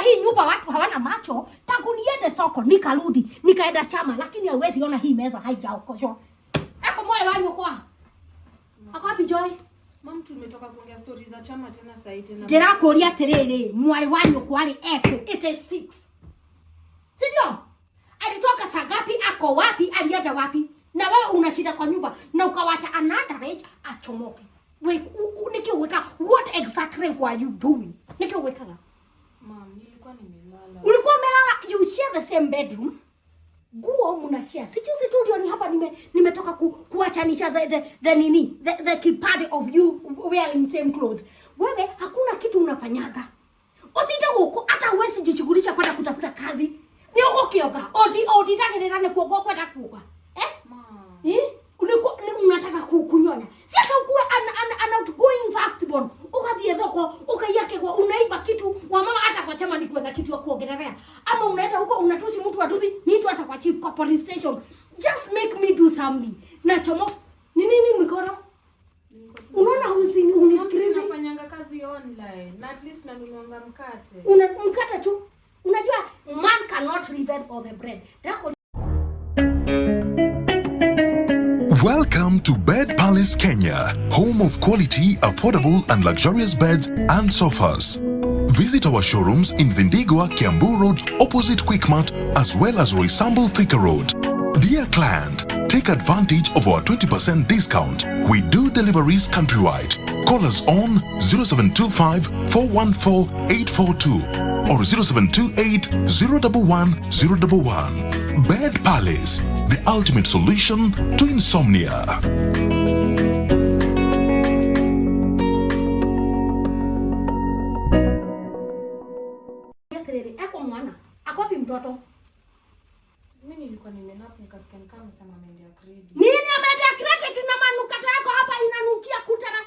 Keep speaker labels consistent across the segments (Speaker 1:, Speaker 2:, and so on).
Speaker 1: hii nyumba watu hawana macho. Tangu niende soko nikarudi nikaenda chama, lakini hauwezi ona hii meza haijaokoshwa. Ako moyo wangu kwa ako wapi Joy? ndirakuria atiriri mwari wa nyukwari eko ite six ndio? Alitoka saa ngapi? Ako wapi? Alienda wapi? Na wewe unashida kwa nyumba na ukawacha another rage achomoke. Nikiweka, what exactly were you doing? Nikiweka. Mama, Ulikuwa umelala, you share the same bedroom. Guo mnashare. Sijuzi tu ndio ni hapa nime nimetoka ku, kuachanisha the, the, the nini the, the kipande of you wearing same clothes. Wewe hakuna kitu unafanyaga. Otita huko hata uwezi jichukulisha kwenda kutafuta kazi. Ni huko kioga. Oti oti take ndani kuogoa kwenda kuoga. Eh? Ma. Eh? Ulikuwa unataka kunyonya. Sasa ukue an, an, an outgoing firstborn. Ukathie thoko, ukaiake kwa unaiba kitu wamama hata kwa chama nikuwe na kitu ya kuongelea, ama unaenda huko unatusi mtu atusi nitu hata kwa chief kwa police station, just make me do something na chomo ni nini mikono. Unaona, huzini unisikilize,
Speaker 2: nafanyanga kazi online na at least na nanunuanga mkate,
Speaker 1: una mkate tu. Unajua man cannot live on the bread. Dako
Speaker 3: Welcome to Bed Palace Kenya, home of quality, affordable and luxurious beds and sofas. Visit our showrooms in Vindigua, Kiambu Road, opposite Quickmart, as well as Roysambu Thika Road. Dear client, take advantage of our 20% discount. We do deliveries countrywide. Call us on 0725 414 842 or 0728 011 011. Bed Palace, the ultimate solution to insomnia.
Speaker 1: Nini ameenda kirete tina manukata yako hapa inanukia kutara.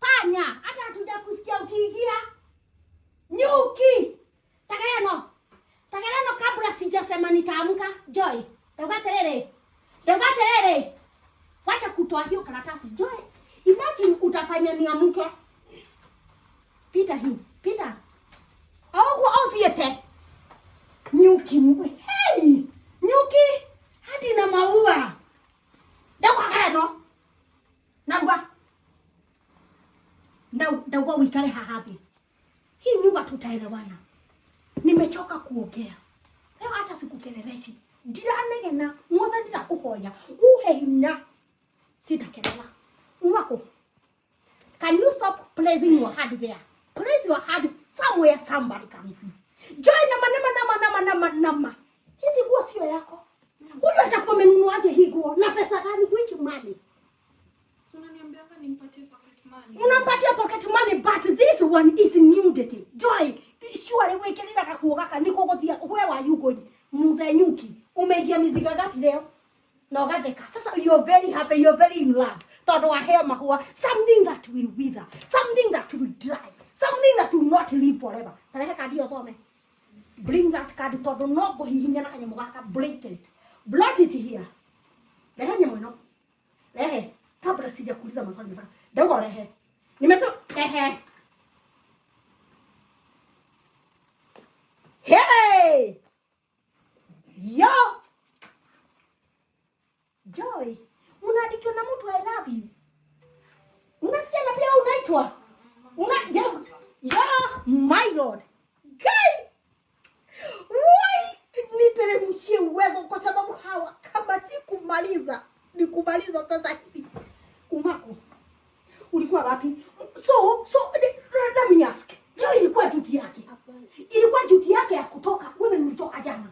Speaker 1: Panya, hata hatuja kusikia ukiingia. Nyuki. tagereno tagereno kabla sijasema nitaamka. Joy. Ndoga telele. Ndoga telele. Wacha kutoa hiyo karatasi. Joy. Imagine utafanya niamke. Peter hii. Pita. Au kuoviete. Nyuki mwe. by the wana nimechoka kuongea leo, hata sikukeleleshi ndiranegena muothe ndirakuhoya uhe hinya sitakelela uwako Can you stop placing your hand there? Place your hand somewhere somebody comes in. Join nama nama nama nama nama nama. Hizi nguo sio yako. Huyu atakuwa amenunuaje hii nguo na pesa gani? Which money?
Speaker 2: Unaniambia kanimpatie
Speaker 1: unampatia pocket money but this one is nudity joy surely we can kelele gakuo gaka niko gothia where are you going nyuki umeingia mizigo gapi leo na ugatheka sasa you are very happy you are very in love tondu hea mahua something that will wither something that will dry something that will not live forever tarehe kadi yo thome bring that card tondu no nguhihinya na kanyamå gaka blatant blot it here rehe nyamå ä no rehe kabla sijakuuliza maswali mataka dogo rehe, nimesema ehe. Hey! Yo! Joy, unaandikiwa na mtu I love you. Unasikia na pia unaitwa. Una yo, yo, my Lord. Guy! Why niteremshie uwezo kwa sababu hawa kama sikumaliza, nikumaliza sasa wapi? So so let me ask. Hiyo ilikuwa duty yake. Ilikuwa duty yake ya kutoka. Wewe ulitoka jana.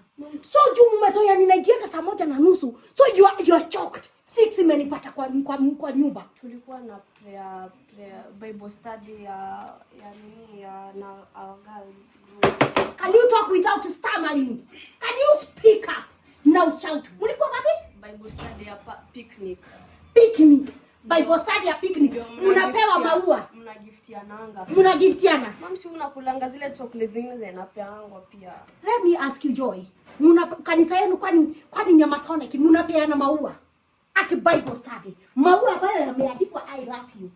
Speaker 1: So juu mmezoea ninaingia saa moja na nusu. So you are, you are choked. Six imenipata kwa kwa, kwa nyumba.
Speaker 2: Tulikuwa na prayer, prayer Bible study ya ya nini ya na our girls.
Speaker 1: Can you talk without stammering? Can you speak up? Now shout. Mulikuwa wapi?
Speaker 2: Bible study ya picnic.
Speaker 1: Picnic. Bible study ya picnic mnapewa maua,
Speaker 2: mnagiftiananga,
Speaker 1: mnagiftiana.
Speaker 2: Mama, si unakulanga zile chocolate zingine zinapeangwa pia.
Speaker 1: Let me ask you Joy, muna kanisa yenu kwani kwani ni Masonic mnapeana maua at Bible study, maua ambayo yameandikwa I love you,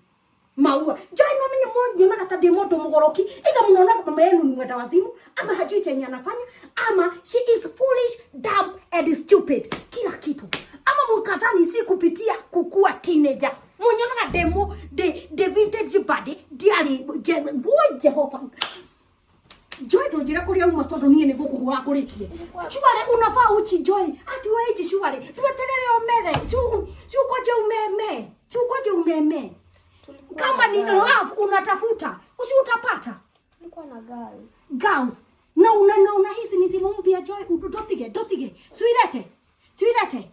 Speaker 1: maua Joy no mwenye mmoja mwana tadi moto mugoroki, ila mnaona mama yenu ni mwenda wazimu, ama hajui chenye anafanya, ama she is foolish, dumb and stupid, kila kitu kadhani si kupitia kukua teenager munyonaga demo de de vintage body diari je wo Jehova Joy do ndunjira kuria uma tondu nie nigukuhura kurikie Shwari unafaa uchi Joy ati weji shwari tweterere omere shu shu koje umeme shu koje umeme kama ni love unatafuta usi utapata
Speaker 2: tulikuwa na girls
Speaker 1: girls na una na una hisi ni simu mpya Joy utopige dotige suirete swirete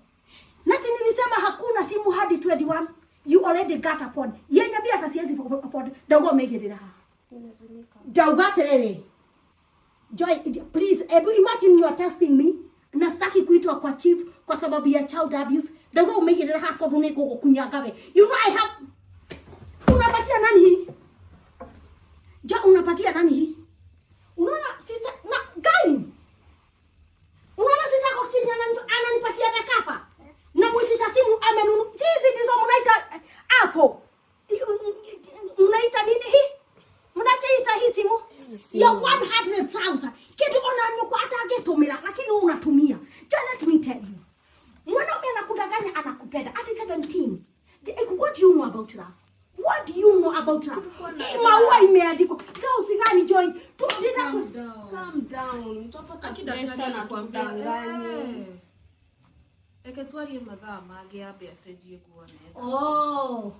Speaker 1: Nasi nilisema hakuna simu hadi 21. You already got a phone. Yenye mimi hata siwezi afford. Ndogo umegerera. ha Jauga telele. Joy, please, ebu imagine you are testing me. Na sitaki kuitwa kwa chief kwa sababu ya child abuse. Ndogo ha kwa bune koko kunyagawe. You know I have Unapatia nani hii? Jo, unapatia nani hii? Unaona sister na guy. Unaona sister kwa chini ananipatia dakika mwalimu amenunua hizi, ndizo mnaita hapo, mnaita nini hii? Mnaita hii simu ya 100,000 kitu unanuko atagetumira, lakini unatumia. Just let mwanaume anakudanganya, anakupenda at 17. Eh, what do you know about love? What do you know about love? Hii maua imeandikwa Girls Gani Joy. Calm
Speaker 2: down. Calm down. Mtoto kakidanganya na kuambia ngani. Eh. Reke twarie mathaa mangĩ ambe acenjie nguo naenda.
Speaker 1: Oh.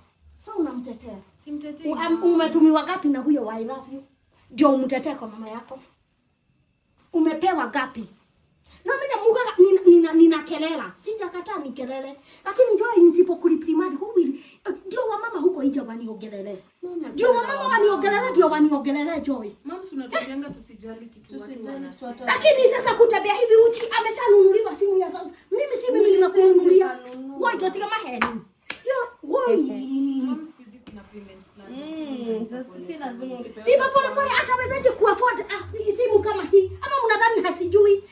Speaker 1: So unamtetea. Simtetei. Umetumiwa gapi na huyo wa I love you? Ndio umtetee kwa mama yako. Umepewa gapi? Na mimi mugaga nina, nina kelela. Sijakataa ni kelele. Lakini Joy nisipokuliprimadi who will eh, ndio uh, wamama huko nje waniongelele. Ndio wamama waniongelele, ndio waniongelele Joy.
Speaker 2: Mama tunatujenga tusijali kitu watu.
Speaker 1: Lakini sasa kutabia hivi uchi ameshanunuliwa simu ya mimi si mimi nimekununulia Why don't you my head? Yo, why?
Speaker 2: Iba hmm,
Speaker 1: pole pole atawezaje kuafford ah, simu kama hii? Ama mnadhani hasijui?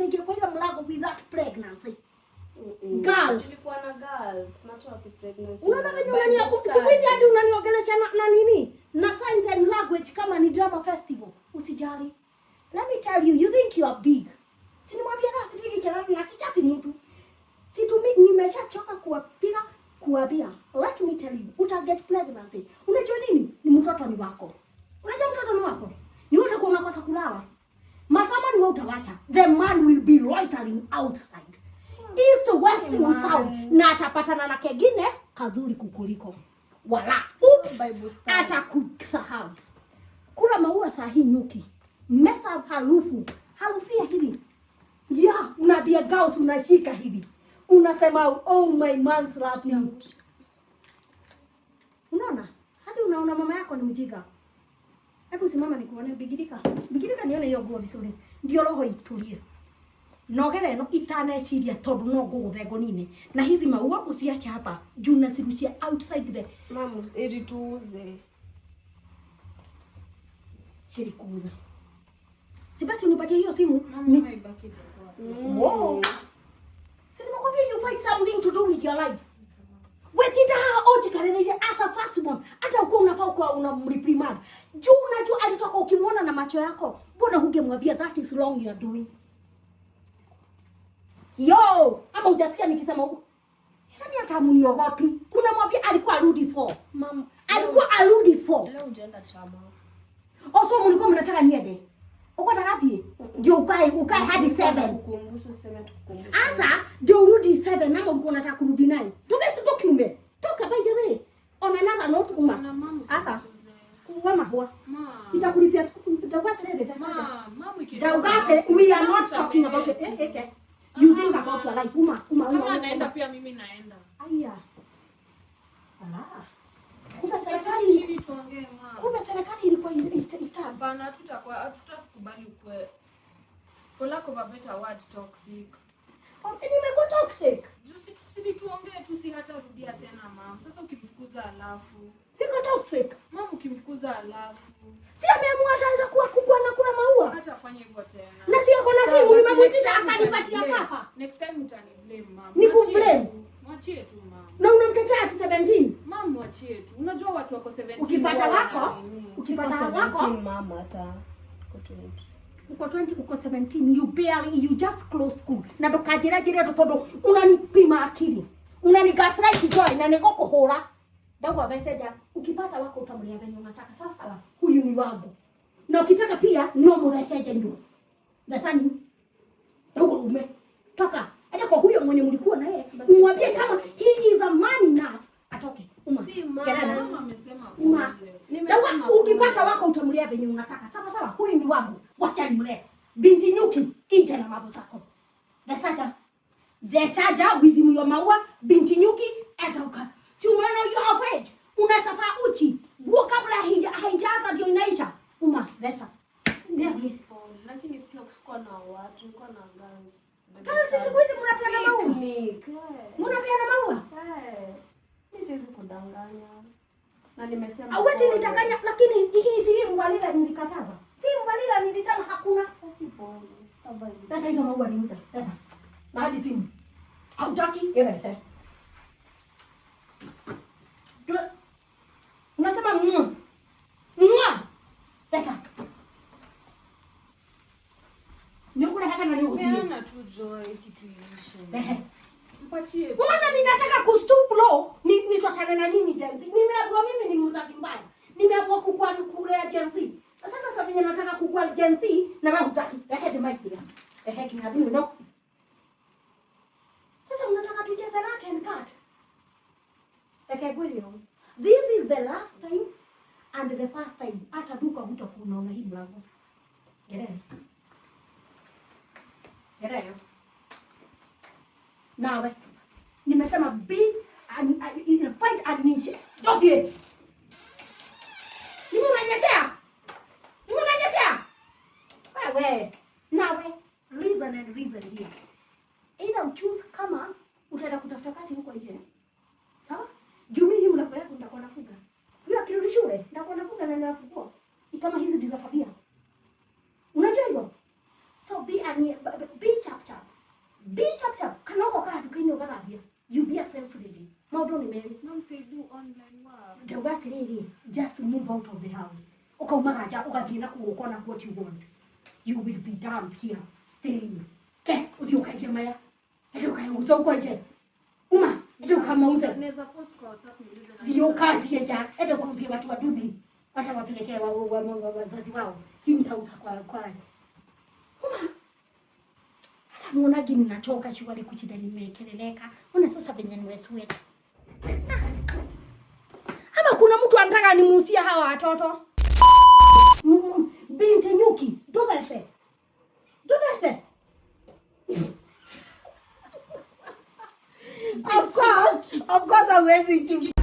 Speaker 1: ndege kwa ile mlango without pregnancy. hadi unaniongelesha na, na nini? Na signs and language kama ni drama festival. Usijali. Let me tell you, you think you are big. Sinimwambia na na sijapi mtu. Situmi nimeshachoka kuwapiga Let me tell you, uta get pregnancy. Unajua nini? Ni mtoto ni wako. Unajua mtoto ni wako. Ni utakuwa unakosa kulala. Masaman wautawacha, the man will be loitering outside east west hey, oh, south, na atapatana na kengine kazuri kukuliko wala oops, atakusahau. Kula maua sahi nyuki mesa harufu harufia hivi ya unabia gaus unashika hivi unasema oh my man's love, unaona hadi unaona mama yako ni mjiga Hebu simama nikuone bigirika. Bigirika nione hiyo nguo vizuri. Ndio roho itulie. Nogere no itaneciria tondu no nguguthe nine Na hizi maua usiache hapa. Juu nazirushia outside the
Speaker 2: Mamu eri tuuze.
Speaker 1: Heri kuuza. Si basi unipatie hiyo simu.
Speaker 2: Mamu ni... naibaki kwa.
Speaker 1: Mm. Wow. Si nimekwambia you find something to do with your life. oji karene ojikarere as a firstborn. Hata uko unafaa kwa unamreprimand juu unajua alitoka, ukimwona na macho yako, mbona hungemwambia that is wrong you are doing? Yo, ama hujasikia nikisema huko? nani hata amuniogopi. Kuna mwambia alikuwa arudi for. Mama, alikuwa arudi for.
Speaker 2: Leo ujaenda chama.
Speaker 1: Also oh, mlikuwa mnataka niende. Uko na ngapi? Ndio ukae ukae hadi 7.
Speaker 2: Kukumbusha sema tukukumbusha.
Speaker 1: asa ndio urudi 7 na ulikuwa unataka kurudi 9. Tuke sitoki ume. Toka by the way. On another note uma. Sasa Wama huwa. Nitakulipia Kumbe serikali ilikuwa ita.
Speaker 2: Hapana, hatutakuwa hatutakubali ukwe. For lack of a better word, toxic.
Speaker 1: Oh, nimekuwa toxic.
Speaker 2: Sidi tuongee tu, si hata rudia tena mam. Sasa ukimfukuza alafu
Speaker 1: ikata kufika
Speaker 2: mam, ukimfukuza alafu
Speaker 1: si ameamua ataanza kuwa kubwa na kula maua,
Speaker 2: hata afanye hivyo tena
Speaker 1: na si ako na simu. Nimemwitisha akanipatia papa.
Speaker 2: Next time utani blame mam,
Speaker 1: ni ku blame.
Speaker 2: Mwachie tu mam,
Speaker 1: na unamtetea ati 17
Speaker 2: mam, mwachie tu. Unajua watu wako 17,
Speaker 1: ukipata wako ukipata wako
Speaker 2: mama hata kwa 20
Speaker 1: uko 20 uko 17 you barely you just close school na ndukanjira njire ndu tondu unanipima akili unani unanigaslight joy na nigukuhura ndagwa message ukipata wako utamlia venye unataka sawa sawa huyu ni wangu na ukitaka pia no message ndio dasani ndogo ume toka aje kwa huyo mwenye mlikuwa na yeye umwambie kama he is a man enough atoke uma
Speaker 2: si mama amesema
Speaker 1: uma, uma na ukipata wako utamlea venye unataka. Sawa sawa, huyu ni wangu, wacha nimlee. Binti nyuki ije na mambo zako, deshaja deshaja with him your maua. Binti nyuki atoka. Tumeona you of age unasafaa uchi nguo kabla haijaanza ndio inaisha uma desha
Speaker 2: lakini sio kuwa na watu kwa na gangs
Speaker 1: gangs. Siku hizi mnapenda maua, eh. Mnapenda maua.
Speaker 2: Eh. Mimi siwezi kudanganya na nimesema
Speaker 1: hawezi nitakanya, lakini hizi hii mbalila nilikataza, si mbalila nilisema hakuna. Dada, hizo maua niuza dada, na hadi simu hautaki yeye. sasa. Unasema mwa mwa dada, nikuna hata na niuko
Speaker 2: tu joy kitu hicho Mbona
Speaker 1: ninataka kustop law, ni nitoshane na nini Gen Z? Nimeambiwa mimi ni mzazi mbaya. Nimeambiwa kukua kulea Gen Z. Sasa sasa vyenye nataka kukua Gen Z na wewe hutaki. Ehe, the mic ya. Ehe, kina dhini no. Sasa mnataka tucheze rat and cat. Ehe, Gwilio. This is the last time and the first time. Hata duka hutakuwa unaona hii mlango. Gereza. Gereza nawe nimesema be an, an, find administration. Okay. Nini unanyetea? Nini unanyetea? Wewe nawe reason and reason here. Either choose kama utaenda kutafuta kazi huko nje. Sawa? Jumii hii mnakoya kuenda kwa nafuga. Hiyo akirudi shule na kwa na nafugua. Ni kama hizi ndizo Niambia sense baby. Maudu ni Mary.
Speaker 2: Mom say do online work.
Speaker 1: Ndio gati riri. Just move out of the house. Uka umaraja uka gina kuoko na what you want. You will be damned here. Stay. Ke, uthi ukaje maya. uka ukaje uza uko nje. Uma, uka ukamauze.
Speaker 2: Neza post kwa WhatsApp
Speaker 1: niulize. Uka ukaje ja. uka uzi watu waduthi. Wata wapileke wa wa wazazi wao. Hii nitauza kwa kwa. Uma. Hata muonagi ninachoka shughuli kuchida nimekeleleka sasa venye nimeswea. Ah. Ama kuna mtu anataka nimuusie hawa watoto? Binti nyuki, duvese. Duvese. Of course, of course, I'm amazing.